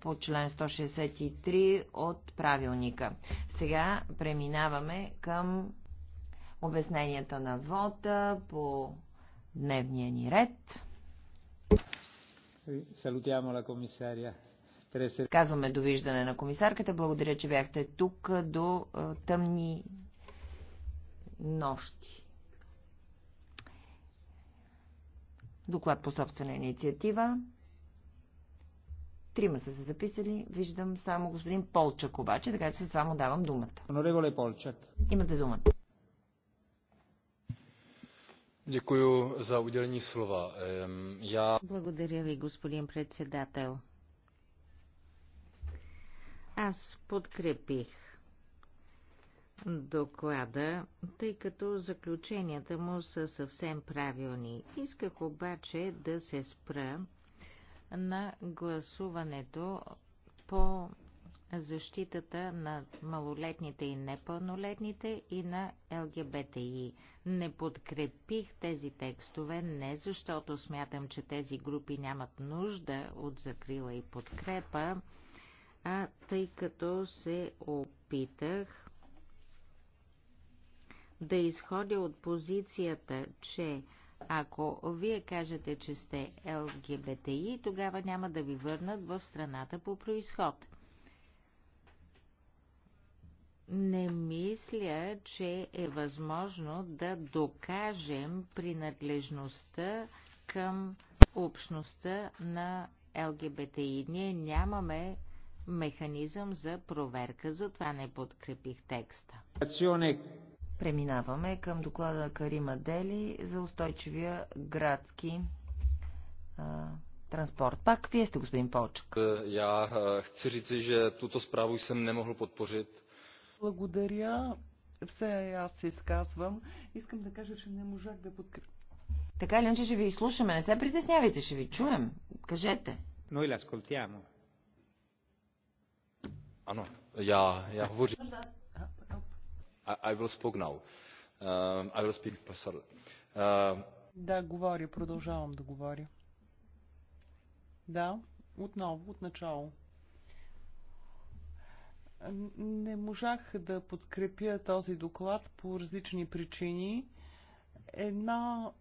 по член 163 от правилника. Сега преминаваме към обясненията на вода по дневния ни ред. Салутямо ла комисария. Казваме довиждане на комисарката. Благодаря, че бяхте тук до е, тъмни нощи. Доклад по собствена инициатива. Трима са се записали. Виждам само господин Полчак обаче, така че с това му давам думата. Онореволе Полчак. Имате думата. за za слова. Ем, я... Благодаря ви, господин председател. Аз подкрепих доклада, тъй като заключенията му са съвсем правилни. Исках обаче да се спра на гласуването по защитата на малолетните и непълнолетните и на ЛГБТИ. Не подкрепих тези текстове не защото смятам, че тези групи нямат нужда от закрила и подкрепа, а тъй като се опитах да изходя от позицията, че ако вие кажете, че сте ЛГБТИ, тогава няма да ви върнат в страната по происход. Не мисля, че е възможно да докажем принадлежността към общността на ЛГБТИ. Ние нямаме механизъм за проверка, затова не подкрепих текста. Преминаваме към доклада Карима Дели за устойчивия градски а, транспорт. Пак вие сте, господин Полчък. Е, я хочу říci, že tuto zprávu jsem nemohl podpořit. Благодаря. Все аз се изказвам. Искам да кажа, че не можах да подкрепя. Така или иначе ще ви изслушаме. Не се притеснявайте, ще ви чуем. Кажете. Но и la Ано, Ano, я, я говорю. I, will speak now. I will speak, sorry. Да, говоря, продължавам да говоря. Да, отново, от начало. Не можах да подкрепя този доклад по различни причини. Една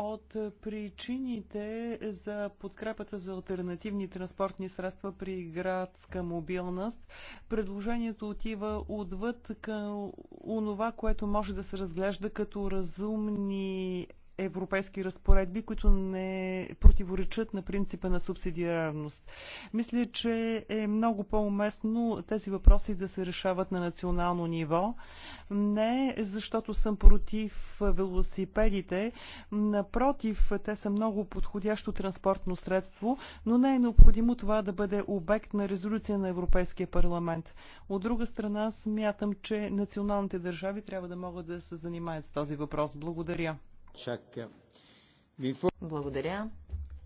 от причините за подкрепата за альтернативни транспортни средства при градска мобилност. Предложението отива отвъд към онова, което може да се разглежда като разумни европейски разпоредби, които не противоречат на принципа на субсидиарност. Мисля, че е много по-уместно тези въпроси да се решават на национално ниво. Не защото съм против велосипедите, напротив, те са много подходящо транспортно средство, но не е необходимо това да бъде обект на резолюция на Европейския парламент. От друга страна, смятам, че националните държави трябва да могат да се занимаят с този въпрос. Благодаря. Благодаря.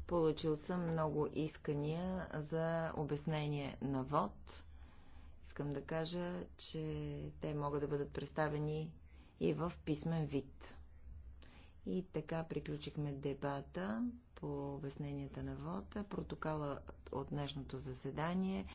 Получил съм много искания за обяснение на ВОД. Искам да кажа, че те могат да бъдат представени и в писмен вид. И така приключихме дебата по обясненията на ВОД. Протокола от днешното заседание